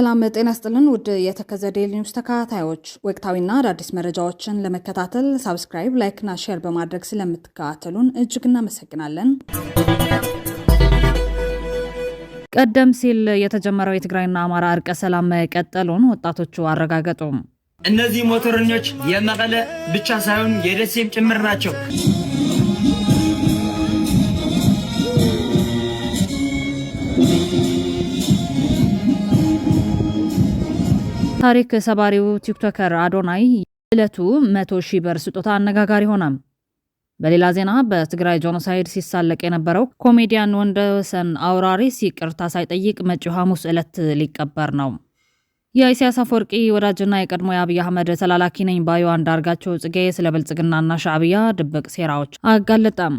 ሰላም ጤና ስጥልን። ውድ የተከዘ ዴይሊ ኒውስ ተከታታዮች ወቅታዊና አዳዲስ መረጃዎችን ለመከታተል ሳብስክራይብ፣ ላይክና ሼር በማድረግ ስለምትከታተሉን እጅግ እናመሰግናለን። ቀደም ሲል የተጀመረው የትግራይና አማራ እርቀ ሰላም መቀጠሉን ወጣቶቹ አረጋገጡ። እነዚህ ሞተረኞች የመቀለ ብቻ ሳይሆን የደሴም ጭምር ናቸው። ታሪክ ሰባሪው ቲክቶከር አዶናይ ዕለቱ መቶ ሺህ ብር ስጦታ አነጋጋሪ ሆነም። በሌላ ዜና በትግራይ ጆኖሳይድ ሲሳለቅ የነበረው ኮሜዲያን ወንደሰን አውራሪስ ይቅርታ ሳይጠይቅ መጪው ሐሙስ ዕለት ሊቀበር ነው። የኢሳያስ አፈወርቂ ወዳጅና የቀድሞ የአብይ አህመድ ተላላኪ ነኝ ባዩ አንዳርጋቸው ጽጌ ስለ ብልጽግናና ሻዕብያ ድብቅ ሴራዎች አጋለጠም።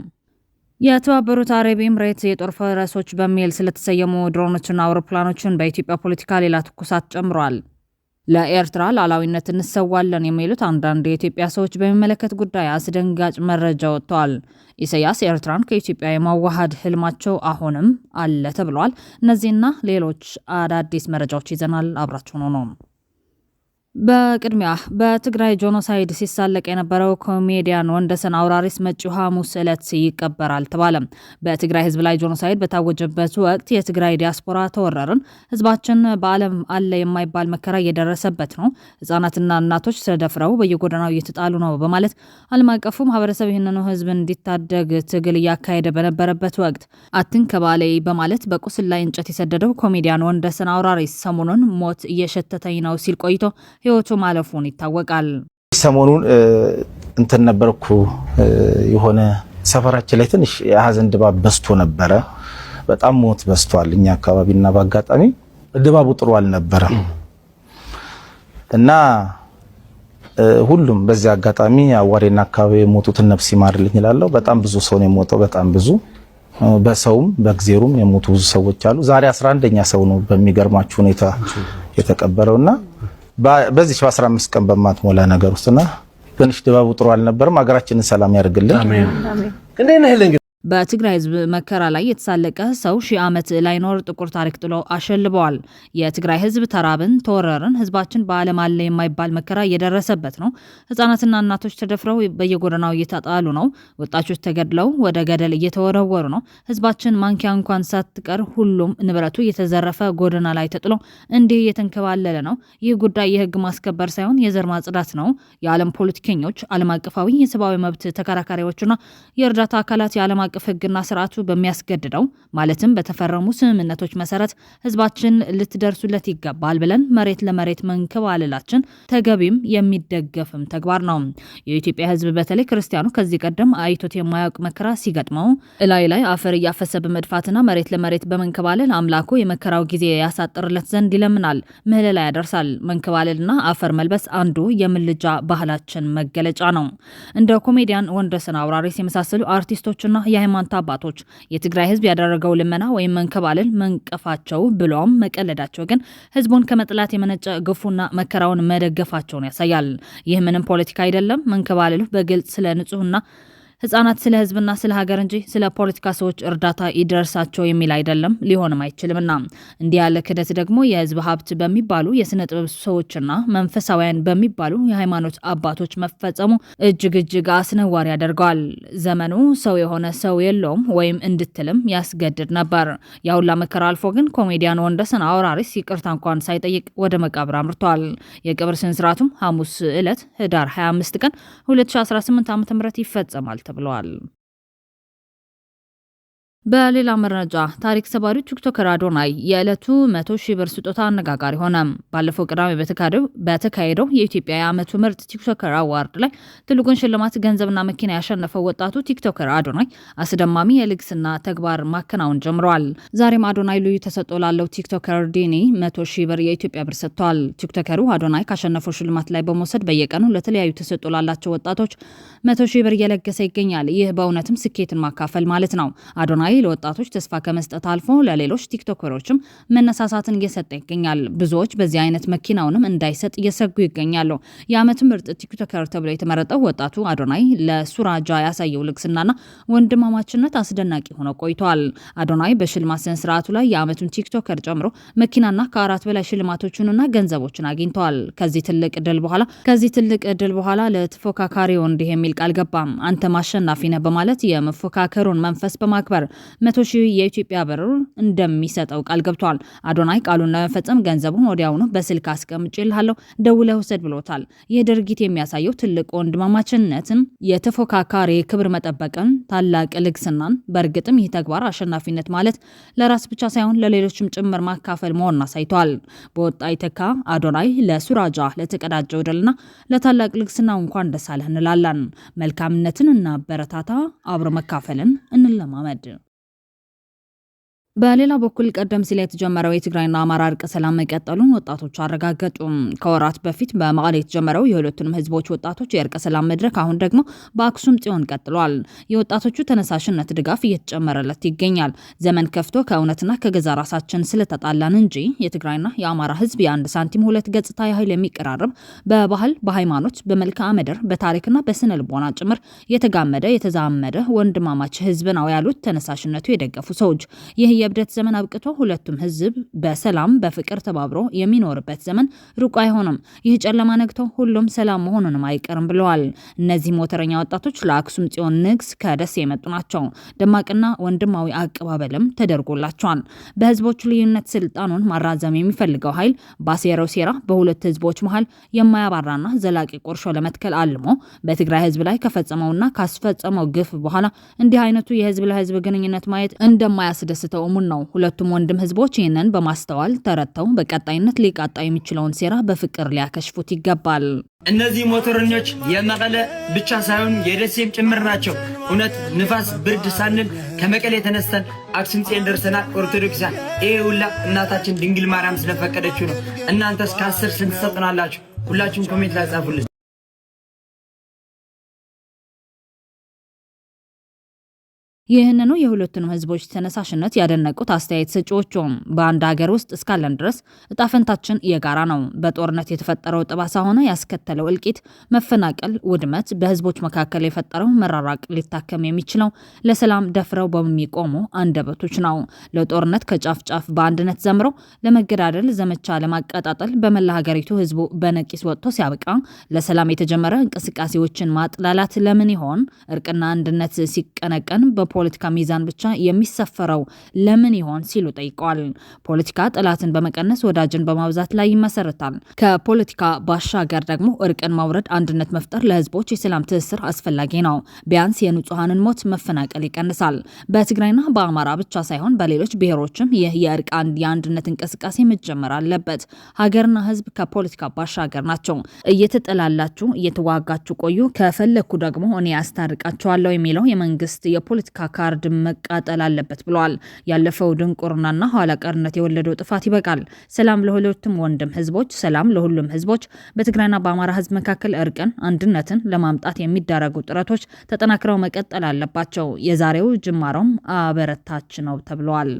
የተባበሩት አረብ ኤምሬት የጦር ፈረሶች በሚል ስለተሰየሙ ድሮኖችና አውሮፕላኖችን በኢትዮጵያ ፖለቲካ ሌላ ትኩሳት ጨምሯል። ለኤርትራ ሉዓላዊነት እንሰዋለን የሚሉት አንዳንድ የኢትዮጵያ ሰዎች በሚመለከት ጉዳይ አስደንጋጭ መረጃ ወጥተዋል። ኢሳያስ ኤርትራን ከኢትዮጵያ የማዋሃድ ህልማቸው አሁንም አለ ተብሏል። እነዚህና ሌሎች አዳዲስ መረጃዎች ይዘናል። አብራችሁ ነው ነው በቅድሚያ በትግራይ ጆኖሳይድ ሲሳለቅ የነበረው ኮሜዲያን ወንደሰን አውራሪስ መጪው ሐሙስ ዕለት ይቀበራል ተባለ። በትግራይ ሕዝብ ላይ ጆኖሳይድ በታወጀበት ወቅት የትግራይ ዲያስፖራ ተወረርን፣ ሕዝባችን በዓለም አለ የማይባል መከራ እየደረሰበት ነው፣ ሕጻናትና እናቶች ስለደፍረው በየጎዳናው እየተጣሉ ነው በማለት ዓለም አቀፉ ማህበረሰብ ይህንኑ ሕዝብ እንዲታደግ ትግል እያካሄደ በነበረበት ወቅት አትን ከባሌ በማለት በቁስል ላይ እንጨት የሰደደው ኮሜዲያን ወንደሰን አውራሪስ ሰሞኑን ሞት እየሸተተኝ ነው ሲል ቆይቶ ህይወቱ ማለፉን ይታወቃል። ሰሞኑን እንትን ነበርኩ የሆነ ሰፈራችን ላይ ትንሽ የሀዘን ድባብ በስቶ ነበረ። በጣም ሞት በስቷል እኛ አካባቢ እና በአጋጣሚ ድባቡ ጥሩ አልነበረም እና ሁሉም በዚህ አጋጣሚ አዋሬና አካባቢ የሞቱትን ነፍስ ይማርልኝ ይላለው። በጣም ብዙ ሰው ነው የሞተው። በጣም ብዙ በሰውም በእግዜሩም የሞቱ ብዙ ሰዎች አሉ። ዛሬ አስራ አንደኛ ሰው ነው በሚገርማችሁ ሁኔታ የተቀበረውና በዚች በአስራ አምስት ቀን በማትሞላ ነገር ውስጥና ትንሽ ድባቡ ጥሩ አልነበርም። ሀገራችንን ሰላም ያደርግልን። በትግራይ ህዝብ መከራ ላይ የተሳለቀ ሰው ሺህ ዓመት ላይኖር ጥቁር ታሪክ ጥሎ አሸልበዋል። የትግራይ ህዝብ ተራብን፣ ተወረርን። ህዝባችን በዓለም አለ የማይባል መከራ እየደረሰበት ነው። ህጻናትና እናቶች ተደፍረው በየጎዳናው እየታጣሉ ነው። ወጣቶች ተገድለው ወደ ገደል እየተወረወሩ ነው። ህዝባችን ማንኪያ እንኳን ሳትቀር ሁሉም ንብረቱ የተዘረፈ ጎዳና ላይ ተጥሎ እንዲህ እየተንከባለለ ነው። ይህ ጉዳይ የህግ ማስከበር ሳይሆን የዘር ማጽዳት ነው። የዓለም ፖለቲከኞች፣ ዓለም አቀፋዊ የሰብአዊ መብት ተከራካሪዎችና የእርዳታ አካላት የዓለም አቀፍ ህግና ስርዓቱ በሚያስገድደው ማለትም በተፈረሙ ስምምነቶች መሰረት ህዝባችን ልትደርሱለት ይገባል ብለን መሬት ለመሬት መንከባለላችን ተገቢም የሚደገፍም ተግባር ነው። የኢትዮጵያ ህዝብ በተለይ ክርስቲያኑ ከዚህ ቀደም አይቶት የማያውቅ መከራ ሲገጥመው እላይ ላይ አፈር እያፈሰ በመድፋትና መሬት ለመሬት በመንከባለል አምላኩ የመከራው ጊዜ ያሳጥርለት ዘንድ ይለምናል፣ ምህለላ ያደርሳል። መንከባለልና አፈር መልበስ አንዱ የምልጃ ባህላችን መገለጫ ነው። እንደ ኮሜዲያን ወንደሰን አውራሪስ የመሳሰሉ አርቲስቶችና የሃይማኖት አባቶች የትግራይ ህዝብ ያደረገው ልመና ወይም መንከባለል መንቀፋቸው ብሎም መቀለዳቸው ግን ህዝቡን ከመጥላት የመነጨ ግፉና መከራውን መደገፋቸውን ያሳያል። ይህ ምንም ፖለቲካ አይደለም። መንከባለሉ በግልጽ ስለ ንጹህና ህጻናት ስለ ህዝብና ስለ ሀገር እንጂ ስለ ፖለቲካ ሰዎች እርዳታ ይደርሳቸው የሚል አይደለም፣ ሊሆንም አይችልምና እንዲህ ያለ ክደት ደግሞ የህዝብ ሀብት በሚባሉ የስነ ጥበብ ሰዎችና መንፈሳውያን በሚባሉ የሃይማኖት አባቶች መፈጸሙ እጅግ እጅግ አስነዋሪ ያደርገዋል። ዘመኑ ሰው የሆነ ሰው የለውም ወይም እንድትልም ያስገድድ ነበር። ያሁላ መከራ አልፎ ግን ኮሜዲያን ወንደሰን አውራሪስ ይቅርታ እንኳን ሳይጠይቅ ወደ መቃብር አምርቷል። የቅብር ስነስርዓቱም ሐሙስ ዕለት ህዳር 25 ቀን 2018 ዓ ም ይፈጸማል። ተብለዋል። በሌላ መረጃ ታሪክ ሰባሪው ቲክቶከር አዶናይ የዕለቱ መቶ ሺህ ብር ስጦታ አነጋጋሪ ሆነ። ባለፈው ቅዳሜ በተካሄደው የኢትዮጵያ የዓመቱ ምርጥ ቲክቶከር አዋርድ ላይ ትልቁን ሽልማት ገንዘብና መኪና ያሸነፈው ወጣቱ ቲክቶከር አዶናይ አስደማሚ የልግስና ተግባር ማከናወን ጀምረዋል። ዛሬም አዶናይ ልዩ ተሰጥኦ ላለው ቲክቶከር ዲኒ መቶ ሺህ ብር የኢትዮጵያ ብር ሰጥቷል። ቲክቶከሩ አዶናይ ካሸነፈው ሽልማት ላይ በመውሰድ በየቀኑ ለተለያዩ ተሰጥኦ ላላቸው ወጣቶች መቶ ሺህ ብር እየለገሰ ይገኛል። ይህ በእውነትም ስኬትን ማካፈል ማለት ነው። አዶናይ ራዕይ ለወጣቶች ተስፋ ከመስጠት አልፎ ለሌሎች ቲክቶከሮችም መነሳሳትን እየሰጠ ይገኛል። ብዙዎች በዚህ አይነት መኪናውንም እንዳይሰጥ እየሰጉ ይገኛሉ። የአመት ምርጥ ቲክቶከር ተብሎ የተመረጠው ወጣቱ አዶናይ ለሱራጃ ያሳየው ልግስናና ወንድማማችነት አስደናቂ ሆኖ ቆይተዋል። አዶናይ በሽልማት ስነ ስርዓቱ ላይ የዓመቱን ቲክቶከር ጨምሮ መኪናና ከአራት በላይ ሽልማቶችንና ገንዘቦችን አግኝተዋል። ከዚህ ትልቅ ድል በኋላ ከዚህ ትልቅ ድል በኋላ ለተፎካካሪው እንዲህ የሚል ቃል ገባም አንተ ማሸናፊ ነህ በማለት የመፎካከሩን መንፈስ በማክበር መቶ ሺህ የኢትዮጵያ ብር እንደሚሰጠው ቃል ገብቷል። አዶናይ ቃሉን ለመፈጸም ገንዘቡን ወዲያውኑ በስልክ አስቀምጬልሃለሁ ደውለህ ውሰድ ብሎታል። ይህ ድርጊት የሚያሳየው ትልቅ ወንድማማችነትን፣ የተፎካካሪ ክብር መጠበቅን፣ ታላቅ ልግስናን። በእርግጥም ይህ ተግባር አሸናፊነት ማለት ለራስ ብቻ ሳይሆን ለሌሎችም ጭምር ማካፈል መሆኑን አሳይቷል። በወጣ ይተካ አዶናይ ለሱራጃ ለተቀዳጀው ድልና ለታላቅ ልግስና እንኳን ደስ አለህ እንላለን። መልካምነትን እና በረታታ አብሮ መካፈልን እንለማመድ። በሌላ በኩል ቀደም ሲል የተጀመረው የትግራይና አማራ እርቅ ሰላም መቀጠሉን ወጣቶቹ አረጋገጡ። ከወራት በፊት በመቀሌ የተጀመረው የሁለቱንም ህዝቦች ወጣቶች የእርቅ ሰላም መድረክ አሁን ደግሞ በአክሱም ጽዮን ቀጥሏል። የወጣቶቹ ተነሳሽነት ድጋፍ እየተጨመረለት ይገኛል። ዘመን ከፍቶ ከእውነትና ከገዛ ራሳችን ስለተጣላን እንጂ የትግራይና የአማራ ህዝብ የአንድ ሳንቲም ሁለት ገጽታ ያህል የሚቀራረብ በባህል፣ በሃይማኖት፣ በመልክዓ ምድር፣ በታሪክና በስነ ልቦና ጭምር የተጋመደ የተዛመደ ወንድማማች ህዝብ ነው ያሉት ተነሳሽነቱ የደገፉ ሰዎች ይህ የእብደት ዘመን አብቅቶ ሁለቱም ህዝብ በሰላም በፍቅር ተባብሮ የሚኖርበት ዘመን ሩቅ አይሆንም። ይህ ጨለማ ነግቶ ሁሉም ሰላም መሆኑንም አይቀርም ብለዋል። እነዚህ ሞተረኛ ወጣቶች ለአክሱም ጽዮን ንግስ ከደሴ የመጡ ናቸው። ደማቅና ወንድማዊ አቀባበልም ተደርጎላቸዋል። በህዝቦቹ ልዩነት ስልጣኑን ማራዘም የሚፈልገው ኃይል ባሴረው ሴራ በሁለት ህዝቦች መሀል የማያባራና ዘላቂ ቁርሾ ለመትከል አልሞ በትግራይ ህዝብ ላይ ከፈጸመውና ካስፈጸመው ግፍ በኋላ እንዲህ አይነቱ የህዝብ ለህዝብ ግንኙነት ማየት እንደማያስደስተው መቃወሙን ነው። ሁለቱም ወንድም ህዝቦች ይህንን በማስተዋል ተረድተው በቀጣይነት ሊቃጣ የሚችለውን ሴራ በፍቅር ሊያከሽፉት ይገባል። እነዚህ ሞተረኞች የመቀለ ብቻ ሳይሆን የደሴም ጭምር ናቸው። እውነት ንፋስ ብርድ ሳንል ከመቀሌ ተነስተን አክሱም ጽዮን ደርሰናል። ኦርቶዶክሳን ይሄ ሁላ እናታችን ድንግል ማርያም ስለፈቀደችው ነው። እናንተስ ከአስር ስንት ትሰጡናላችሁ? ሁላችሁም ኮሜንት ላይ ጻፉልን። ይህንኑ የሁለቱንም ህዝቦች ተነሳሽነት ያደነቁት አስተያየት ሰጪዎቹም በአንድ ሀገር ውስጥ እስካለን ድረስ እጣፈንታችን የጋራ ነው። በጦርነት የተፈጠረው ጠባሳ ሆነ ያስከተለው እልቂት፣ መፈናቀል፣ ውድመት፣ በህዝቦች መካከል የፈጠረው መራራቅ ሊታከም የሚችለው ለሰላም ደፍረው በሚቆሙ አንደበቶች ነው። ለጦርነት ከጫፍ ጫፍ በአንድነት ዘምሮ ለመገዳደል ዘመቻ ለማቀጣጠል በመላ ሀገሪቱ ህዝቡ በነቂስ ወጥቶ ሲያበቃ ለሰላም የተጀመረ እንቅስቃሴዎችን ማጥላላት ለምን ይሆን? እርቅና አንድነት ሲቀነቀን ፖለቲካ ሚዛን ብቻ የሚሰፈረው ለምን ይሆን ሲሉ ጠይቀዋል። ፖለቲካ ጠላትን በመቀነስ ወዳጅን በማብዛት ላይ ይመሰረታል። ከፖለቲካ ባሻገር ደግሞ እርቅን ማውረድ፣ አንድነት መፍጠር ለህዝቦች የሰላም ትስስር አስፈላጊ ነው። ቢያንስ የንጹሐንን ሞት፣ መፈናቀል ይቀንሳል። በትግራይና በአማራ ብቻ ሳይሆን በሌሎች ብሔሮችም ይህ የእርቅ የአንድነት እንቅስቃሴ መጀመር አለበት። ሀገርና ህዝብ ከፖለቲካ ባሻገር ናቸው። እየተጠላላችሁ እየተዋጋችሁ ቆዩ፣ ከፈለግኩ ደግሞ እኔ ያስታርቃችኋለሁ የሚለው የመንግስት የፖለቲካ ካርድ መቃጠል አለበት ብለዋል። ያለፈው ድንቁርናና ኋላ ቀርነት የወለደው ጥፋት ይበቃል። ሰላም ለሁለቱም ወንድም ህዝቦች፣ ሰላም ለሁሉም ህዝቦች። በትግራይና በአማራ ህዝብ መካከል እርቅን፣ አንድነትን ለማምጣት የሚደረጉ ጥረቶች ተጠናክረው መቀጠል አለባቸው። የዛሬው ጅማሮም አበረታች ነው ተብለዋል።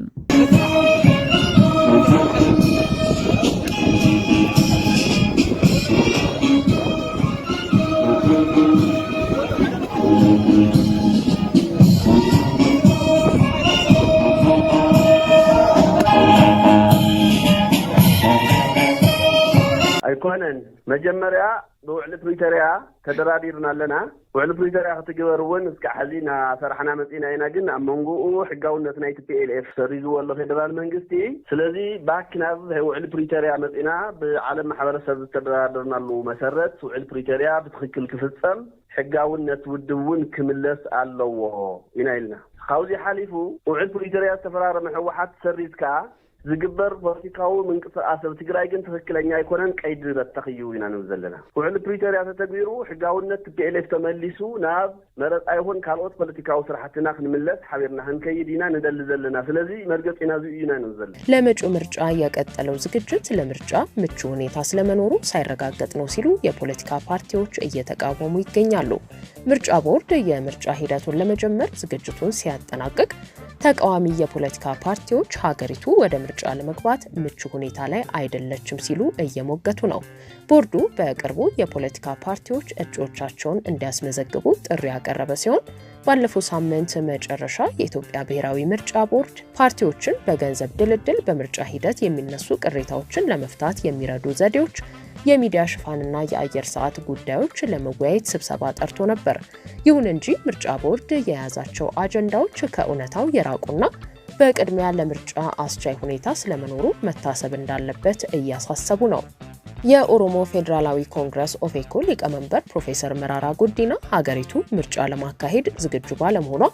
መጀመርያ ብውዕሊ ፕሪቶርያ ተደራዲርና ኣለና ውዕሊ ፕሪቶርያ ክትግበር እውን እስካዕ ሕዚ ናሰርሕና መፂና ኢና ግን ኣብ መንጎኡ ሕጋውነት ናይቲ ፒኤልኤፍ ሰሪዝዎ ኣሎ ፌደራል መንግስቲ ስለዚ ባክ ናብ ውዕሊ ፕሪቶርያ መፂና ብዓለም ማሕበረሰብ ዝተደራደርናሉ መሰረት ውዕሊ ፕሪቶርያ ብትክክል ክፍፀም ሕጋውነት ውድብ እውን ክምለስ ኣለዎ ኢና ኢልና ካብዚ ሓሊፉ ውዕል ፕሪቶርያ ዝተፈራረመ ሕወሓት ሰሪዝ ከዓ ዝግበር ፖለቲካዊ ምንቅስቃስ ትግራይ ግን ትክክለኛ ኣይኮነን ቀይዲ እዩ ኢና ንብ ዘለና ውዕሊ ፕሪቶርያ ተተግቢሩ ሕጋውነት ፒኤልኤፍ ተመሊሱ ናብ መረፃ ይኹን ካልኦት ፖለቲካዊ ስራሕትና ክንምለስ ሓቢርና ክንከይድ ኢና ንደሊ ዘለና ስለዚ መርገፂ ኢና ዙ ኢና ንብ ዘለና ለመጪው ምርጫ የቀጠለው ዝግጅት ለምርጫ ምቹ ሁኔታ ስለመኖሩ ሳይረጋገጥ ነው ሲሉ የፖለቲካ ፓርቲዎች እየተቃወሙ ይገኛሉ። ምርጫ ቦርድ የምርጫ ሂደቱን ለመጀመር ዝግጅቱን ሲያጠናቅቅ ተቃዋሚ የፖለቲካ ፓርቲዎች ሀገሪቱ ወደ ምርጫ ለመግባት ምቹ ሁኔታ ላይ አይደለችም ሲሉ እየሞገቱ ነው። ቦርዱ በቅርቡ የፖለቲካ ፓርቲዎች እጩዎቻቸውን እንዲያስመዘግቡ ጥሪ ያቀረበ ሲሆን ባለፈው ሳምንት መጨረሻ የኢትዮጵያ ብሔራዊ ምርጫ ቦርድ ፓርቲዎችን በገንዘብ ድልድል በምርጫ ሂደት የሚነሱ ቅሬታዎችን ለመፍታት የሚረዱ ዘዴዎች የሚዲያ ሽፋንና የአየር ሰዓት ጉዳዮች ለመወያየት ስብሰባ ጠርቶ ነበር። ይሁን እንጂ ምርጫ ቦርድ የያዛቸው አጀንዳዎች ከእውነታው የራቁና በቅድሚያ ለምርጫ አስቻይ ሁኔታ ስለመኖሩ መታሰብ እንዳለበት እያሳሰቡ ነው። የኦሮሞ ፌዴራላዊ ኮንግረስ ኦፌኮ ሊቀመንበር ፕሮፌሰር መራራ ጉዲና ሀገሪቱ ምርጫ ለማካሄድ ዝግጁ ባለመሆኗ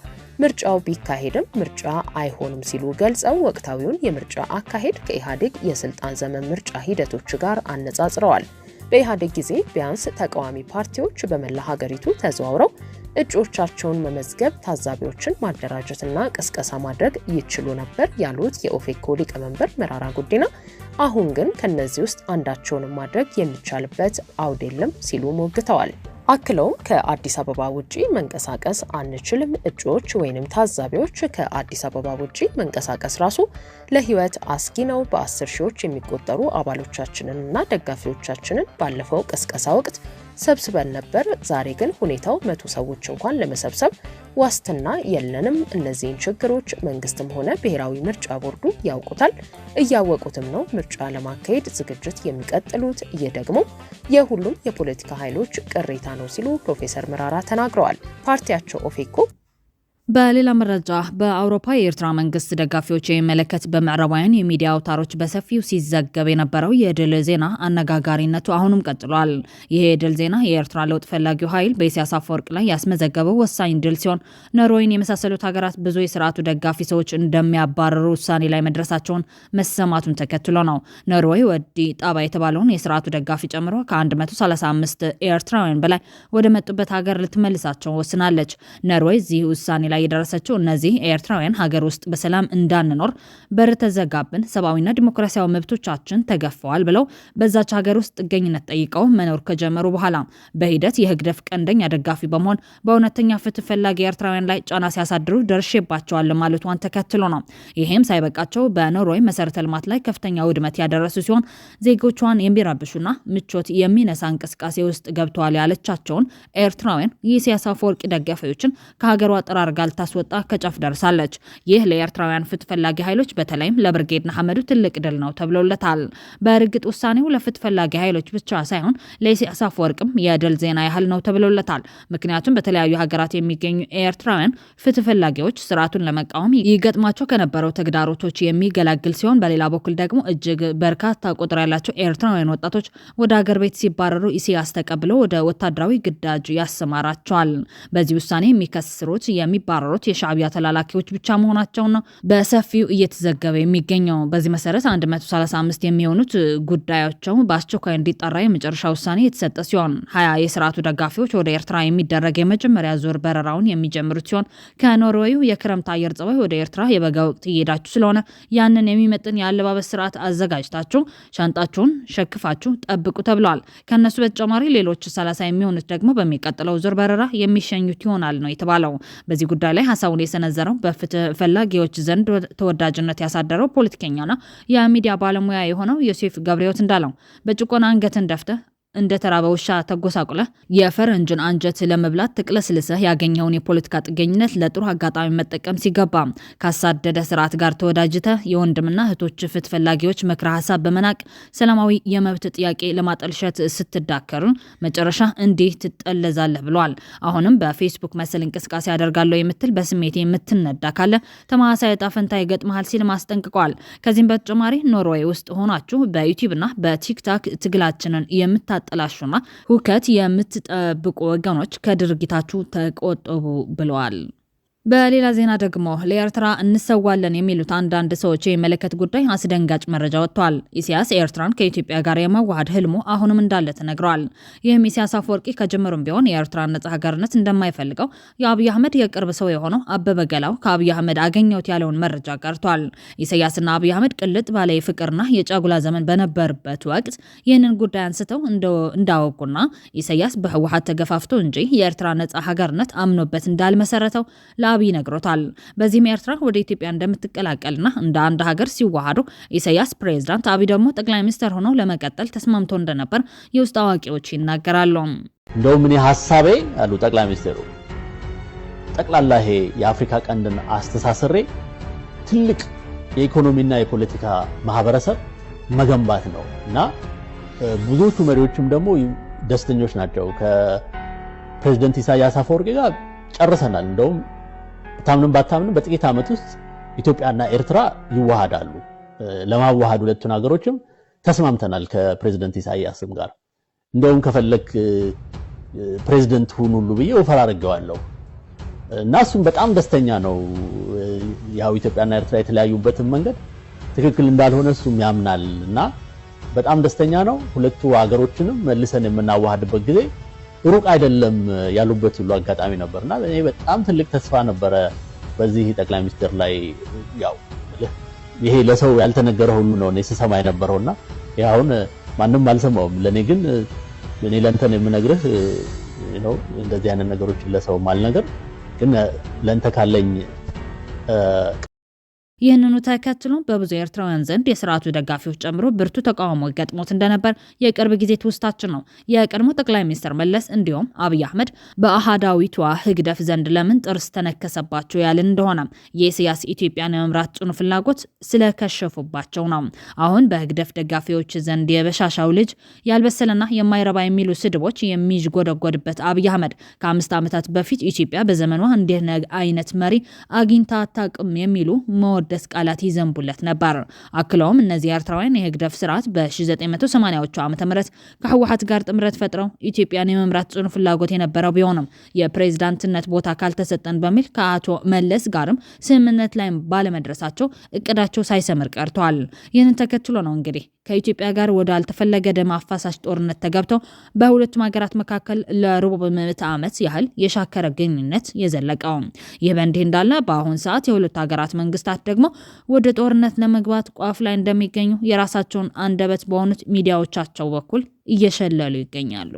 ምርጫው ቢካሄድም ምርጫ አይሆንም ሲሉ ገልጸው ወቅታዊውን የምርጫ አካሄድ ከኢህአዴግ የስልጣን ዘመን ምርጫ ሂደቶች ጋር አነጻጽረዋል። በኢህአዴግ ጊዜ ቢያንስ ተቃዋሚ ፓርቲዎች በመላ ሀገሪቱ ተዘዋውረው እጩዎቻቸውን መመዝገብ፣ ታዛቢዎችን ማደራጀትና ቅስቀሳ ማድረግ ይችሉ ነበር ያሉት የኦፌኮ ሊቀመንበር መራራ ጉዲና አሁን ግን ከነዚህ ውስጥ አንዳቸውንም ማድረግ የሚቻልበት አውድ የለም ሲሉ ሞግተዋል። አክለውም ከአዲስ አበባ ውጪ መንቀሳቀስ አንችልም፣ እጩዎች ወይንም ታዛቢዎች ከአዲስ አበባ ውጪ መንቀሳቀስ ራሱ ለህይወት አስጊ ነው። በአስር ሺዎች የሚቆጠሩ አባሎቻችንንና ደጋፊዎቻችንን ባለፈው ቅስቀሳ ወቅት ሰብስበን ነበር። ዛሬ ግን ሁኔታው መቶ ሰዎች እንኳን ለመሰብሰብ ዋስትና የለንም። እነዚህን ችግሮች መንግስትም ሆነ ብሔራዊ ምርጫ ቦርዱ ያውቁታል፣ እያወቁትም ነው ምርጫ ለማካሄድ ዝግጅት የሚቀጥሉት። ይህ ደግሞ የሁሉም የፖለቲካ ኃይሎች ቅሬታ ነው ሲሉ ፕሮፌሰር ምራራ ተናግረዋል። ፓርቲያቸው ኦፌኮ በሌላ መረጃ በአውሮፓ የኤርትራ መንግስት ደጋፊዎች የሚመለከት በምዕራባውያን የሚዲያ አውታሮች በሰፊው ሲዘገብ የነበረው የድል ዜና አነጋጋሪነቱ አሁንም ቀጥሏል። ይህ የድል ዜና የኤርትራ ለውጥ ፈላጊው ኃይል በኢሳያስ አፈወርቅ ላይ ያስመዘገበው ወሳኝ ድል ሲሆን ኖርዌይን የመሳሰሉት ሀገራት ብዙ የስርዓቱ ደጋፊ ሰዎች እንደሚያባረሩ ውሳኔ ላይ መድረሳቸውን መሰማቱን ተከትሎ ነው። ኖርዌይ ወዲ ጣባ የተባለውን የስርዓቱ ደጋፊ ጨምሮ ከ135 ኤርትራውያን በላይ ወደ መጡበት ሀገር ልትመልሳቸው ወስናለች። ኖርዌይ እዚህ ውሳኔ ላይ ላይ የደረሰችው እነዚህ ኤርትራውያን ሀገር ውስጥ በሰላም እንዳንኖር በር ተዘጋብን፣ ሰብአዊና ዲሞክራሲያዊ መብቶቻችን ተገፈዋል ብለው በዛች ሀገር ውስጥ ጥገኝነት ጠይቀው መኖር ከጀመሩ በኋላ በሂደት የህግደፍ ቀንደኛ ደጋፊ በመሆን በእውነተኛ ፍትህ ፈላጊ ኤርትራውያን ላይ ጫና ሲያሳድሩ ደርሼባቸዋል ማለቷን ተከትሎ ነው። ይህም ሳይበቃቸው በኖርዌይ መሰረተ ልማት ላይ ከፍተኛ ውድመት ያደረሱ ሲሆን ዜጎቿን የሚረብሹና ምቾት የሚነሳ እንቅስቃሴ ውስጥ ገብተዋል ያለቻቸውን ኤርትራውያን የኢሳያስ አፈወርቂ ደጋፊዎችን ከሀገሯ ጠራርጋ እንዳልታስወጣ ከጫፍ ደርሳለች። ይህ ለኤርትራውያን ፍትህ ፈላጊ ኃይሎች በተለይም ለብርጌድ ንሓመዱ ትልቅ ድል ነው ተብሎለታል። በእርግጥ ውሳኔው ለፍትህ ፈላጊ ኃይሎች ብቻ ሳይሆን ለኢሳያስ አፈወርቅም የድል ዜና ያህል ነው ተብሎለታል። ምክንያቱም በተለያዩ ሀገራት የሚገኙ ኤርትራውያን ፍትህ ፈላጊዎች ስርዓቱን ለመቃወም ይገጥማቸው ከነበረው ተግዳሮቶች የሚገላግል ሲሆን፣ በሌላ በኩል ደግሞ እጅግ በርካታ ቁጥር ያላቸው ኤርትራውያን ወጣቶች ወደ አገር ቤት ሲባረሩ ኢሳያስ ተቀብለው ወደ ወታደራዊ ግዳጅ ያሰማራቸዋል። በዚህ ውሳኔ የሚከስሩት የሚባ አመራሮች የሻዕቢያ ተላላኪዎች ብቻ መሆናቸውን ነው በሰፊው እየተዘገበ የሚገኘው። በዚህ መሰረት 135 የሚሆኑት ጉዳያቸው በአስቸኳይ እንዲጠራ የመጨረሻ ውሳኔ የተሰጠ ሲሆን ሀያ የስርዓቱ ደጋፊዎች ወደ ኤርትራ የሚደረግ የመጀመሪያ ዙር በረራውን የሚጀምሩት ሲሆን ከኖርዌዩ የክረምት አየር ጸባይ ወደ ኤርትራ የበጋ ወቅት እየሄዳችሁ ስለሆነ ያንን የሚመጥን የአለባበስ ስርዓት አዘጋጅታችሁ ሻንጣችሁን ሸክፋችሁ ጠብቁ ተብለዋል። ከእነሱ በተጨማሪ ሌሎች 30 የሚሆኑት ደግሞ በሚቀጥለው ዙር በረራ የሚሸኙት ይሆናል ነው የተባለው። በዚህ ጉዳይ ጉዳይ ላይ ሀሳቡን የሰነዘረው በፍትህ ፈላጊዎች ዘንድ ተወዳጅነት ያሳደረው ፖለቲከኛና የሚዲያ ባለሙያ የሆነው ዮሴፍ ገብረሕይወት እንዳለው በጭቆና አንገትን ደፍተህ እንደ ተራበ ውሻ ተጎሳቁለ የፈረንጅን አንጀት ለመብላት ትቅለስልሰህ ያገኘውን የፖለቲካ ጥገኝነት ለጥሩ አጋጣሚ መጠቀም ሲገባ ካሳደደ ስርዓት ጋር ተወዳጅተ የወንድምና እህቶች ፍት ፈላጊዎች ምክረ ሀሳብ በመናቅ ሰላማዊ የመብት ጥያቄ ለማጠልሸት ስትዳከር መጨረሻ እንዲህ ትጠለዛለህ ብለዋል። አሁንም በፌስቡክ መሰል እንቅስቃሴ አደርጋለሁ የምትል በስሜቴ የምትነዳ ካለ ተማሳይ ጣፈንታ ፈንታ ይገጥመሃል ሲል ማስጠንቅቋል። ከዚህም በተጨማሪ ኖርዌይ ውስጥ ሆናችሁ በዩቲዩብና በቲክታክ ትግላችንን የምታ ጥላሹማ ሁከት የምትጠብቁ ወገኖች ከድርጊታችሁ ተቆጠቡ ብለዋል። በሌላ ዜና ደግሞ ለኤርትራ እንሰዋለን የሚሉት አንዳንድ ሰዎች የሚመለከት ጉዳይ አስደንጋጭ መረጃ ወጥቷል። ኢሳያስ ኤርትራን ከኢትዮጵያ ጋር የማዋሃድ ህልሙ አሁንም እንዳለ ተነግሯል። ይህም ኢሳያስ አፈወርቂ ከጀመሩም ቢሆን የኤርትራን ነጻ ሀገርነት እንደማይፈልገው የአብይ አህመድ የቅርብ ሰው የሆነው አበበ ገላው ከአብይ አህመድ አገኘሁት ያለውን መረጃ ቀርቷል። ኢሳያስና አብይ አህመድ ቅልጥ ባለ የፍቅርና የጫጉላ ዘመን በነበርበት ወቅት ይህንን ጉዳይ አንስተው እንዳወቁና ኢሳያስ በህወሀት ተገፋፍቶ እንጂ የኤርትራ ነጻ ሀገርነት አምኖበት እንዳልመሰረተው አብይ ነግሮታል። በዚህም ኤርትራ ወደ ኢትዮጵያ እንደምትቀላቀልና እንደ አንድ ሀገር ሲዋሃዱ ኢሳያስ ፕሬዝዳንት፣ አብይ ደግሞ ጠቅላይ ሚኒስትር ሆነው ለመቀጠል ተስማምቶ እንደነበር የውስጥ አዋቂዎች ይናገራሉ። እንደውም እኔ ሀሳቤ አሉ ጠቅላይ ሚኒስትሩ ጠቅላላ ይሄ የአፍሪካ ቀንድን አስተሳስሬ ትልቅ የኢኮኖሚና የፖለቲካ ማህበረሰብ መገንባት ነው እና ብዙዎቹ መሪዎችም ደግሞ ደስተኞች ናቸው። ከፕሬዝደንት ኢሳያስ አፈወርቂ ጋር ጨርሰናል እንደውም ታምንም ባታምንም በጥቂት ዓመት ውስጥ ኢትዮጵያና ኤርትራ ይዋሃዳሉ። ለማዋሃድ ሁለቱን ሀገሮችም ተስማምተናል ከፕሬዚደንት ኢሳያስም ጋር እንደውም ከፈለክ ፕሬዚደንት ሁን ሁሉ ብዬ ወፈር አድርጌዋለሁ እና እሱም በጣም ደስተኛ ነው። ያው ኢትዮጵያና ኤርትራ የተለያዩበትን መንገድ ትክክል እንዳልሆነ እሱም ያምናል እና በጣም ደስተኛ ነው። ሁለቱ ሀገሮችንም መልሰን የምናዋሃድበት ጊዜ ሩቅ አይደለም ያሉበት ሁሉ አጋጣሚ ነበር እና እኔ በጣም ትልቅ ተስፋ ነበረ በዚህ ጠቅላይ ሚኒስትር ላይ ያው ይሄ ለሰው ያልተነገረ ሁሉ ነው እኔ ስሰማ እና አሁን ማንም አልሰማውም። ለእኔ ግን እኔ ለንተን የምነግርህ ነው እንደዚህ አይነት ነገሮችን ለሰው ማልነገር ግን ለንተ ካለኝ ይህንኑ ተከትሎ በብዙ ኤርትራውያን ዘንድ የስርዓቱ ደጋፊዎች ጨምሮ ብርቱ ተቃውሞ ገጥሞት እንደነበር የቅርብ ጊዜ ትውስታችን ነው። የቀድሞ ጠቅላይ ሚኒስትር መለስ እንዲሁም አብይ አህመድ በአህዳዊቷ ህግደፍ ዘንድ ለምን ጥርስ ተነከሰባቸው ያልን እንደሆነ የኢሳያስ ኢትዮጵያን የመምራት ጽኑ ፍላጎት ስለከሸፉባቸው ነው። አሁን በህግደፍ ደጋፊዎች ዘንድ የበሻሻው ልጅ ያልበሰለና የማይረባ የሚሉ ስድቦች የሚጎደጎድበት አብይ አህመድ ከአምስት ዓመታት በፊት ኢትዮጵያ በዘመኗ እንዲህ አይነት መሪ አግኝታ አታውቅም የሚሉ መወ የማወደስ ቃላት ይዘንቡለት ነበር። አክለውም እነዚህ ኤርትራውያን የህግደፍ ስርዓት በ1980ዎቹ ዓ ም ከህወሀት ጋር ጥምረት ፈጥረው ኢትዮጵያን የመምራት ጽኑ ፍላጎት የነበረው ቢሆንም የፕሬዝዳንትነት ቦታ ካልተሰጠን በሚል ከአቶ መለስ ጋርም ስምምነት ላይ ባለመድረሳቸው እቅዳቸው ሳይሰምር ቀርተዋል። ይህንን ተከትሎ ነው እንግዲህ ከኢትዮጵያ ጋር ወደ አልተፈለገ ደም አፋሳሽ ጦርነት ተገብተው በሁለቱም ሀገራት መካከል ለሩብ ምዕተ ዓመት ያህል የሻከረ ግንኙነት የዘለቀው። ይህ በእንዲህ እንዳለ በአሁን ሰዓት የሁለቱ ሀገራት መንግስታት ደግሞ ወደ ጦርነት ለመግባት ቋፍ ላይ እንደሚገኙ የራሳቸውን አንደበት በሆኑት ሚዲያዎቻቸው በኩል እየሸለሉ ይገኛሉ።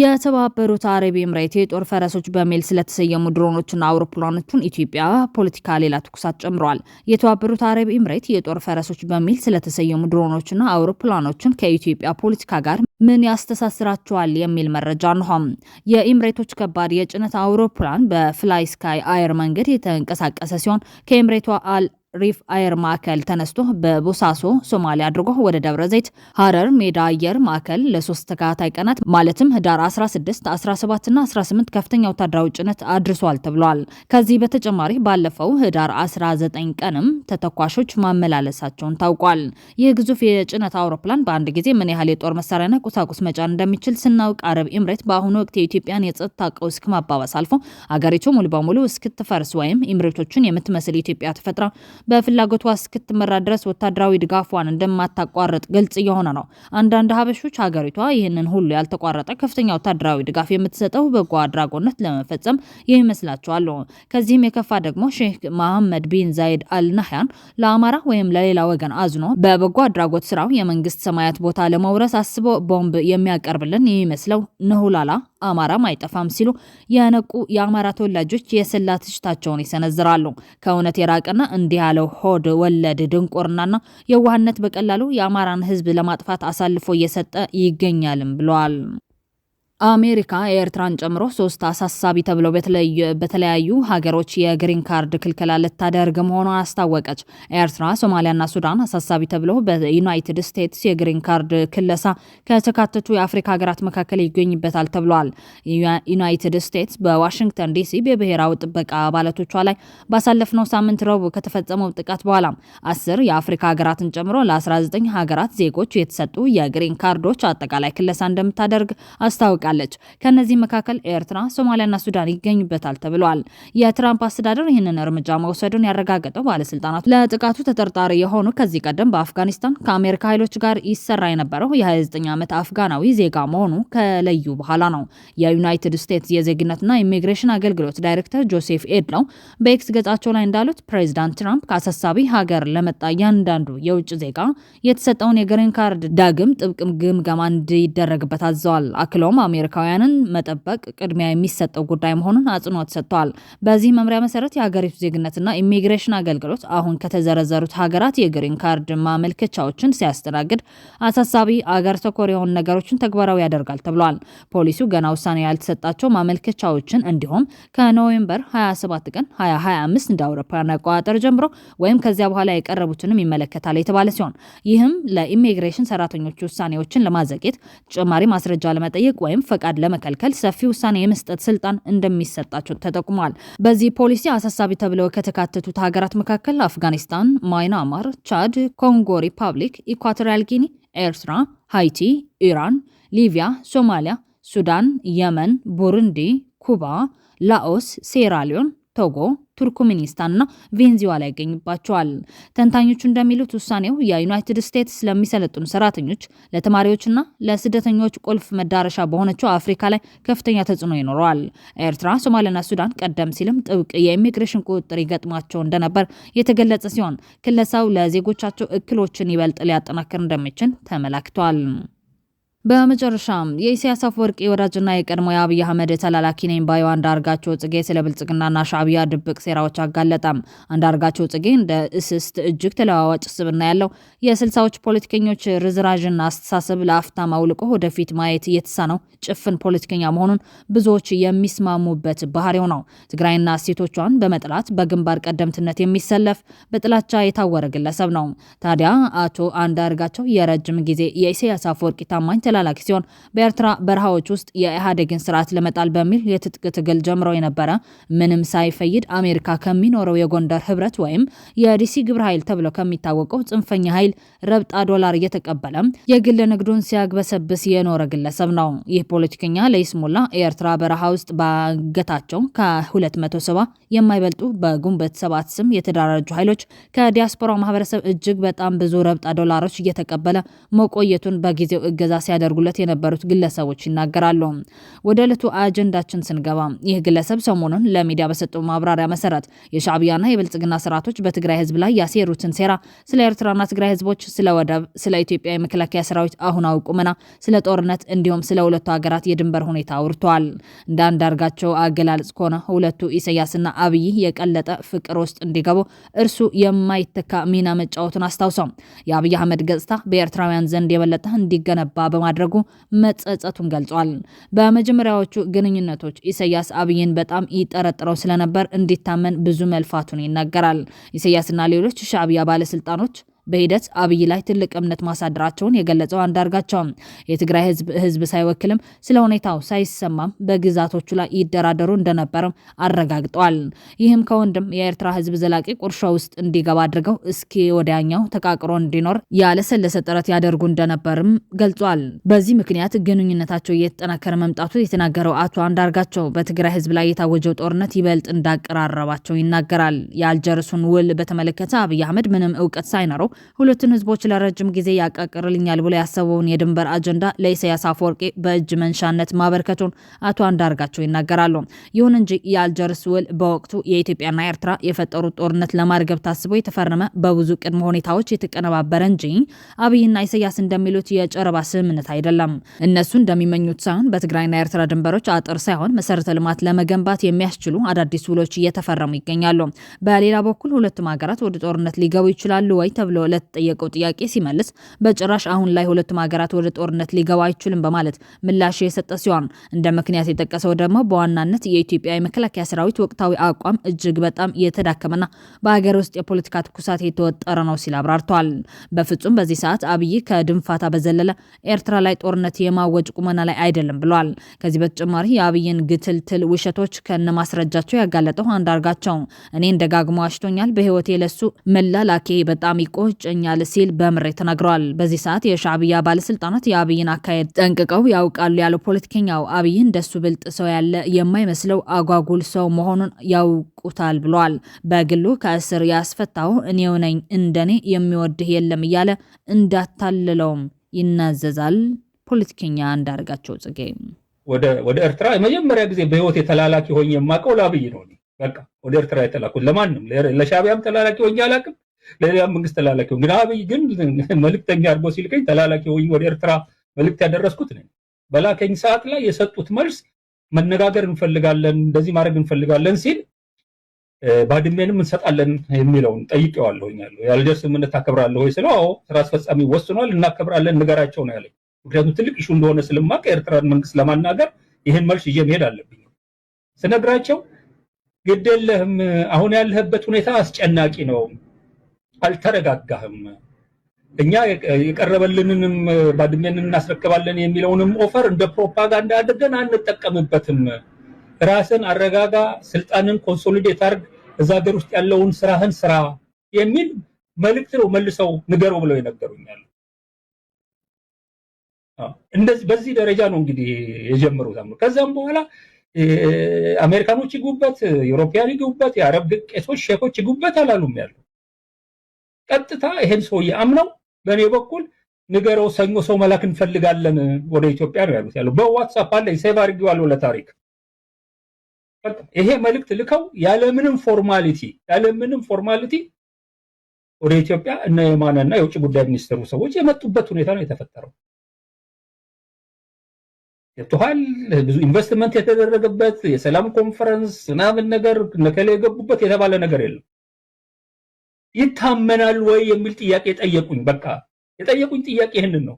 የተባበሩት አረብ ኤምሬት የጦር ፈረሶች በሚል ስለተሰየሙ ድሮኖችና አውሮፕላኖቹን ኢትዮጵያ ፖለቲካ ሌላ ትኩሳት ጨምረዋል። የተባበሩት አረብ ኤምሬት የጦር ፈረሶች በሚል ስለተሰየሙ ድሮኖችና አውሮፕላኖችን ከኢትዮጵያ ፖለቲካ ጋር ምን ያስተሳስራቸዋል የሚል መረጃ እንሆም። የኤምሬቶች ከባድ የጭነት አውሮፕላን በፍላይ ስካይ አየር መንገድ የተንቀሳቀሰ ሲሆን ከኤምሬቷ አል ሪፍ አየር ማዕከል ተነስቶ በቦሳሶ ሶማሊያ አድርጎ ወደ ደብረ ዘይት ሀረር ሜዳ አየር ማዕከል ለሶስት ተከታታይ ቀናት ማለትም ህዳር 16፣ 17ና 18 ከፍተኛ ወታደራዊ ጭነት አድርሷል ተብሏል። ከዚህ በተጨማሪ ባለፈው ህዳር 19 ቀንም ተተኳሾች ማመላለሳቸውን ታውቋል። ይህ ግዙፍ የጭነት አውሮፕላን በአንድ ጊዜ ምን ያህል የጦር መሳሪያና ቁሳቁስ መጫን እንደሚችል ስናውቅ፣ አረብ ኤምሬት በአሁኑ ወቅት የኢትዮጵያን የጸጥታ ቀውስ ከማባባስ አልፎ አገሪቱ ሙሉ በሙሉ እስክትፈርስ ወይም ኤምሬቶቹን የምትመስል ኢትዮጵያ ተፈጥራ በፍላጎቷ እስክትመራ ድረስ ወታደራዊ ድጋፏን እንደማታቋርጥ ግልጽ እየሆነ ነው። አንዳንድ ሀበሾች ሀገሪቷ ይህንን ሁሉ ያልተቋረጠ ከፍተኛ ወታደራዊ ድጋፍ የምትሰጠው በጎ አድራጎነት ለመፈጸም ይመስላቸዋል። ከዚህም የከፋ ደግሞ ሼህ መሐመድ ቢን ዛይድ አልናህያን ለአማራ ወይም ለሌላ ወገን አዝኖ በበጎ አድራጎት ስራው የመንግስት ሰማያት ቦታ ለመውረስ አስቦ ቦምብ የሚያቀርብልን የሚመስለው ንሁላላ አማራም አይጠፋም ሲሉ የነቁ የአማራ ተወላጆች የሰላ ትችታቸውን ይሰነዝራሉ። ከእውነት የራቀና እንዲህ ያለው ሆድ ወለድ ድንቁርናና የዋህነት በቀላሉ የአማራን ሕዝብ ለማጥፋት አሳልፎ እየሰጠ ይገኛልም ብለዋል። አሜሪካ ኤርትራን ጨምሮ ሶስት አሳሳቢ ተብለው በተለያዩ ሀገሮች የግሪን ካርድ ክልከላ ልታደርግ መሆኗን አስታወቀች። ኤርትራ፣ ሶማሊያና ሱዳን አሳሳቢ ተብለው በዩናይትድ ስቴትስ የግሪን ካርድ ክለሳ ከተካተቱ የአፍሪካ ሀገራት መካከል ይገኝበታል ተብሏል። ዩናይትድ ስቴትስ በዋሽንግተን ዲሲ በብሔራዊ ጥበቃ አባላቶቿ ላይ ባሳለፍነው ሳምንት ረቡዕ ከተፈጸመው ጥቃት በኋላ አስር የአፍሪካ ሀገራትን ጨምሮ ለ19 ሀገራት ዜጎች የተሰጡ የግሪን ካርዶች አጠቃላይ ክለሳ እንደምታደርግ አስታውቃል። ትገኛለች። ከእነዚህ መካከል ኤርትራ፣ ሶማሊያና ሱዳን ይገኙበታል ተብሏል። የትራምፕ አስተዳደር ይህንን እርምጃ መውሰዱን ያረጋገጠው ባለስልጣናቱ ለጥቃቱ ተጠርጣሪ የሆኑ ከዚህ ቀደም በአፍጋኒስታን ከአሜሪካ ኃይሎች ጋር ይሰራ የነበረው የ29 ዓመት አፍጋናዊ ዜጋ መሆኑ ከለዩ በኋላ ነው። የዩናይትድ ስቴትስ የዜግነትና ኢሚግሬሽን አገልግሎት ዳይሬክተር ጆሴፍ ኤድለው በኤክስ ገጻቸው ላይ እንዳሉት ፕሬዚዳንት ትራምፕ ከአሳሳቢ ሀገር ለመጣ እያንዳንዱ የውጭ ዜጋ የተሰጠውን የግሪን ካርድ ዳግም ጥብቅም ግምገማ እንዲደረግበት አዘዋል። አክለውም አሜሪካውያንን መጠበቅ ቅድሚያ የሚሰጠው ጉዳይ መሆኑን አጽንኦት ሰጥተዋል። በዚህ መምሪያ መሰረት የሀገሪቱ ዜግነትና ኢሚግሬሽን አገልግሎት አሁን ከተዘረዘሩት ሀገራት የግሪን ካርድ ማመልከቻዎችን ሲያስተናግድ አሳሳቢ አገር ተኮር የሆኑ ነገሮችን ተግባራዊ ያደርጋል ተብሏል። ፖሊሲው ገና ውሳኔ ያልተሰጣቸው ማመልከቻዎችን እንዲሁም ከኖቬምበር 27 ቀን 2025 እንደ አውሮፓውያን አቆጣጠር ጀምሮ ወይም ከዚያ በኋላ የቀረቡትንም ይመለከታል የተባለ ሲሆን ይህም ለኢሚግሬሽን ሰራተኞች ውሳኔዎችን ለማዘግየት ተጨማሪ ማስረጃ ለመጠየቅ ወይም ፈቃድ ለመከልከል ሰፊ ውሳኔ የመስጠት ስልጣን እንደሚሰጣቸው ተጠቁሟል። በዚህ ፖሊሲ አሳሳቢ ተብለው ከተካተቱት ሀገራት መካከል አፍጋኒስታን፣ ማይናማር፣ ቻድ፣ ኮንጎ ሪፐብሊክ፣ ኢኳቶሪያል ጊኒ፣ ኤርትራ፣ ሃይቲ፣ ኢራን፣ ሊቢያ፣ ሶማሊያ፣ ሱዳን፣ የመን፣ ቡሩንዲ፣ ኩባ፣ ላኦስ፣ ሴራሊዮን፣ ቶጎ፣ ቱርክሜኒስታንና ቬንዙዌላ ያገኝባቸዋል። ተንታኞቹ እንደሚሉት ውሳኔው የዩናይትድ ስቴትስ ለሚሰለጥኑ ሰራተኞች፣ ለተማሪዎችና ለስደተኞች ቁልፍ መዳረሻ በሆነችው አፍሪካ ላይ ከፍተኛ ተጽዕኖ ይኖረዋል። ኤርትራ፣ ሶማሊያና ሱዳን ቀደም ሲልም ጥብቅ የኢሚግሬሽን ቁጥጥር ይገጥማቸው እንደነበር የተገለጸ ሲሆን ክለሳው ለዜጎቻቸው እክሎችን ይበልጥ ሊያጠናክር እንደሚችል ተመላክቷል። በመጨረሻም የኢሳያስ አፈወርቂ ወዳጅና የቀድሞ የአብይ አህመድ ተላላኪ ነኝ ባዩ አንዳርጋቸው ጽጌ ስለ ብልጽግናና ሻዕቢያ ድብቅ ሴራዎች አጋለጠም። አንዳርጋቸው ጽጌ እንደ እስስት እጅግ ተለዋዋጭ ስብና ያለው የስልሳዎች ፖለቲከኞች ርዝራዥና አስተሳሰብ ለአፍታ ማውልቆ ወደፊት ማየት የተሳነው ጭፍን ፖለቲከኛ መሆኑን ብዙዎች የሚስማሙበት ባህሪው ነው። ትግራይና እሴቶቿን በመጥላት በግንባር ቀደምትነት የሚሰለፍ በጥላቻ የታወረ ግለሰብ ነው። ታዲያ አቶ አንዳርጋቸው የረጅም ጊዜ የኢሳያስ አፈወርቂ ታማኝ ተላላኪ ሲሆን በኤርትራ በረሃዎች ውስጥ የኢህአዴግን ስርዓት ለመጣል በሚል የትጥቅ ትግል ጀምሮ የነበረ ምንም ሳይፈይድ አሜሪካ ከሚኖረው የጎንደር ህብረት ወይም የዲሲ ግብረ ኃይል ተብሎ ከሚታወቀው ጽንፈኛ ኃይል ረብጣ ዶላር እየተቀበለ የግል ንግዱን ሲያግበሰብስ የኖረ ግለሰብ ነው። ይህ ፖለቲከኛ ለይስሙላ የኤርትራ በረሃ ውስጥ ባገታቸው ከ270 የማይበልጡ በጉንበት ሰባት ስም የተደራጁ ኃይሎች ከዲያስፖራው ማህበረሰብ እጅግ በጣም ብዙ ረብጣ ዶላሮች እየተቀበለ መቆየቱን በጊዜው እገዛ ሲያደ ሲያደርጉለት የነበሩት ግለሰቦች ይናገራሉ። ወደ ዕለቱ አጀንዳችን ስንገባ ይህ ግለሰብ ሰሞኑን ለሚዲያ በሰጠው ማብራሪያ መሰረት የሻዕቢያና የብልጽግና ስርዓቶች በትግራይ ህዝብ ላይ ያሴሩትን ሴራ፣ ስለ ኤርትራና ትግራይ ህዝቦች፣ ስለ ወደብ፣ ስለ ኢትዮጵያ የመከላከያ ሰራዊት አሁናዊ ቁመና፣ ስለ ጦርነት እንዲሁም ስለ ሁለቱ ሀገራት የድንበር ሁኔታ አውርተዋል። እንደ አንዳርጋቸው አገላለጽ ከሆነ ሁለቱ ኢሳያስና አብይ የቀለጠ ፍቅር ውስጥ እንዲገቡ እርሱ የማይተካ ሚና መጫወቱን አስታውሰው የአብይ አህመድ ገጽታ በኤርትራውያን ዘንድ የበለጠ እንዲገነባ በማለት በማድረጉ መጸጸቱን ገልጿል። በመጀመሪያዎቹ ግንኙነቶች ኢሳያስ አብይን በጣም ይጠረጥረው ስለነበር እንዲታመን ብዙ መልፋቱን ይናገራል። ኢሳያስና ሌሎች ሻዕቢያ ባለስልጣኖች በሂደት አብይ ላይ ትልቅ እምነት ማሳደራቸውን የገለጸው አንዳርጋቸውም የትግራይ ህዝብ ሳይወክልም ስለ ሁኔታው ሳይሰማም በግዛቶቹ ላይ ይደራደሩ እንደነበርም አረጋግጠዋል። ይህም ከወንድም የኤርትራ ህዝብ ዘላቂ ቁርሾ ውስጥ እንዲገባ አድርገው እስኪ ወዲያኛው ተቃቅሮ እንዲኖር ያለሰለሰ ጥረት ያደርጉ እንደነበርም ገልጿል። በዚህ ምክንያት ግንኙነታቸው እየተጠናከረ መምጣቱ የተናገረው አቶ አንዳርጋቸው በትግራይ ህዝብ ላይ የታወጀው ጦርነት ይበልጥ እንዳቀራረባቸው ይናገራል። የአልጀርሱን ውል በተመለከተ አብይ አህመድ ምንም እውቀት ሳይኖረው ሁለቱን ህዝቦች ለረጅም ጊዜ ያቃቅርልኛል ብሎ ያሰበውን የድንበር አጀንዳ ለኢሳያስ አፈወርቂ በእጅ መንሻነት ማበርከቱን አቶ አንዳርጋቸው ይናገራሉ። ይሁን እንጂ የአልጀርስ ውል በወቅቱ የኢትዮጵያና ኤርትራ የፈጠሩት ጦርነት ለማርገብ ታስቦ የተፈረመ በብዙ ቅድመ ሁኔታዎች የተቀነባበረ እንጂ አብይና ኢሳያስ እንደሚሉት የጨረባ ስምምነት አይደለም። እነሱ እንደሚመኙት ሳይሆን በትግራይና ኤርትራ ድንበሮች አጥር ሳይሆን መሰረተ ልማት ለመገንባት የሚያስችሉ አዳዲስ ውሎች እየተፈረሙ ይገኛሉ። በሌላ በኩል ሁለቱም ሀገራት ወደ ጦርነት ሊገቡ ይችላሉ ወይ ተብሎ ብሎ ጠየቀው ጥያቄ ሲመልስ በጭራሽ አሁን ላይ ሁለቱም ሀገራት ወደ ጦርነት ሊገባ አይችልም በማለት ምላሽ የሰጠ ሲሆን እንደ ምክንያት የጠቀሰው ደግሞ በዋናነት የኢትዮጵያ የመከላከያ ሰራዊት ወቅታዊ አቋም እጅግ በጣም የተዳከመና በሀገር ውስጥ የፖለቲካ ትኩሳት የተወጠረ ነው ሲል አብራርተዋል። በፍጹም በዚህ ሰዓት አብይ ከድንፋታ በዘለለ ኤርትራ ላይ ጦርነት የማወጭ ቁመና ላይ አይደለም ብለዋል። ከዚህ በተጨማሪ የአብይን ግትልትል ውሸቶች ከነማስረጃቸው ያጋለጠው አንዳርጋቸው እኔን ደጋግሞ አሽቶኛል። በህይወቴ ለሱ መላላኬ በጣም ይቆ ቆጨኛል ሲል በምሬት ተናግረዋል። በዚህ ሰዓት የሻዕብያ ባለስልጣናት የአብይን አካሄድ ጠንቅቀው ያውቃሉ ያለው ፖለቲከኛው አብይ እንደሱ ብልጥ ሰው ያለ የማይመስለው አጓጉል ሰው መሆኑን ያውቁታል ብለዋል። በግሉ ከእስር ያስፈታው እኔው ነኝ እንደኔ የሚወድህ የለም እያለ እንዳታልለውም ይናዘዛል። ፖለቲከኛ አንዳርጋቸው ጽጌ ወደ ኤርትራ የመጀመሪያ ጊዜ በህይወት የተላላኪ ሆኜ የማውቀው ለአብይ ነው። በቃ ወደ ኤርትራ የተላኩት ለማንም ለሻዕብያም ተላላኪ ሆኜ አላውቅም። ለሌላ መንግስት ተላላኪው ግን አብይ ግን መልክተኛ አድርጎ ሲልከኝ ተላላኪ ወይ ወደ ኤርትራ መልክት ያደረስኩት ነኝ። በላከኝ ሰዓት ላይ የሰጡት መልስ መነጋገር እንፈልጋለን፣ እንደዚህ ማድረግ እንፈልጋለን ሲል ባድሜንም እንሰጣለን የሚለውን ጠይቄዋለሁኝ። የአልጀር ስምምነት ታከብራለህ ወይ ስለው አዎ ስራ አስፈጻሚ ወስኗል እናከብራለን ንገራቸው ነው ያለኝ። ምክንያቱም ትልቅ ኢሹ እንደሆነ ስለማውቅ የኤርትራን መንግስት ለማናገር ይህን መልስ ይዤ መሄድ አለብኝ ስነግራቸው ግድ የለህም አሁን ያለህበት ሁኔታ አስጨናቂ ነው አልተረጋጋህም። እኛ የቀረበልንንም ባድሜን እናስረክባለን የሚለውንም ኦፈር እንደ ፕሮፓጋንዳ አድርገን አንጠቀምበትም። ራስን አረጋጋ፣ ስልጣንን ኮንሶሊዴት አርግ፣ እዛ ሀገር ውስጥ ያለውን ስራህን ስራ የሚል መልእክት ነው መልሰው ንገረው ብለው የነገሩኛል። እንደዚህ በዚህ ደረጃ ነው እንግዲህ የጀመሩት። ከዛም በኋላ አሜሪካኖች ይጉበት፣ ዩሮፒያን ይጉበት፣ የአረብ ቄሶች፣ ሼኮች ይጉበት አላሉም ያሉ ቀጥታ ይሄን ሰውዬ አምነው በእኔ በኩል ንገረው፣ ሰኞ ሰው መላክ እንፈልጋለን ወደ ኢትዮጵያ ነው ያሉት። ያለው በዋትሳፕ አለ ሴቭ አድርጌዋለሁ ለታሪክ። ይሄ መልእክት ልከው ያለምንም ፎርማሊቲ ያለምንም ፎርማሊቲ ወደ ኢትዮጵያ እነ እና የውጭ ጉዳይ ሚኒስትሩ ሰዎች የመጡበት ሁኔታ ነው የተፈጠረው። ገብቶሃል። ብዙ ኢንቨስትመንት የተደረገበት የሰላም ኮንፈረንስ ምናምን ነገር እነ የገቡበት የተባለ ነገር የለም። ይታመናል ወይ የሚል ጥያቄ ጠየቁኝ። በቃ የጠየቁኝ ጥያቄ ይህንን ነው።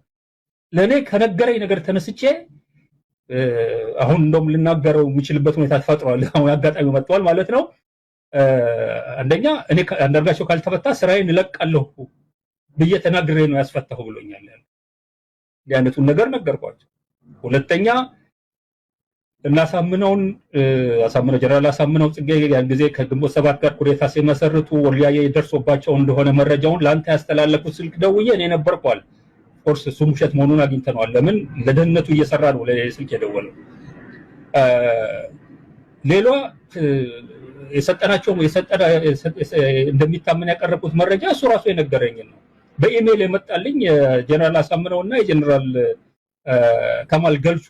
ለእኔ ከነገረኝ ነገር ተነስቼ አሁን እንደውም ልናገረው የሚችልበት ሁኔታ ተፈጥሯል። አሁን አጋጣሚ መጥቷል ማለት ነው። አንደኛ እኔ አንዳርጋቸው ካልተፈታ ስራዬን እለቃለሁ ብዬ ተናግሬ ነው ያስፈታሁ ብሎኛል። ያለ አይነቱን ነገር ነገርኳቸው። ሁለተኛ እናሳምነውን አሳምነው ጀነራል አሳምነው ጽጌ ያን ጊዜ ከግንቦት ሰባት ጋር ኩዴታ ሲመሰርቱ ወልያየ ደርሶባቸው እንደሆነ መረጃውን ለአንተ ያስተላለፉት ስልክ ደውዬ እኔ ነበርኳል። ኦፍኮርስ እሱም ውሸት መሆኑን አግኝተነዋል። ለምን ለደህንነቱ እየሰራ ነው ስልክ የደወለው። ሌሏ የሰጠናቸው እንደሚታመን ያቀረብኩት መረጃ እሱ ራሱ የነገረኝ ነው። በኢሜይል የመጣልኝ የጀነራል አሳምነውና የጀነራል ከማል ገልቹ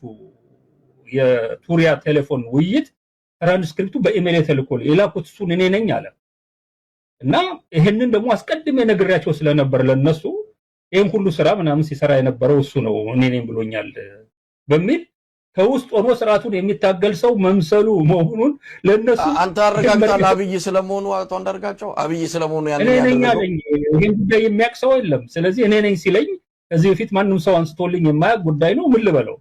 የቱሪያ ቴሌፎን ውይይት ትራንስክሪፕቱ በኢሜል የተልኮል የላኩት እሱን እኔ ነኝ አለ እና ይህንን ደግሞ አስቀድሜ ነግሬያቸው ስለነበር ለነሱ ይህን ሁሉ ስራ ምናምን ሲሰራ የነበረው እሱ ነው እኔ ነኝ ብሎኛል በሚል ከውስጥ ሆኖ ስርዓቱን የሚታገል ሰው መምሰሉ መሆኑን ለነሱ አንተ አረጋግጣል። አብይ ስለመሆኑ አቶ አንዳርጋቸው አብይ ስለመሆኑ እኔ ነኝ አለኝ። ይህን ጉዳይ የሚያውቅ ሰው የለም። ስለዚህ እኔ ነኝ ሲለኝ ከዚህ በፊት ማንም ሰው አንስቶልኝ የማያውቅ ጉዳይ ነው። ምን ልበለው?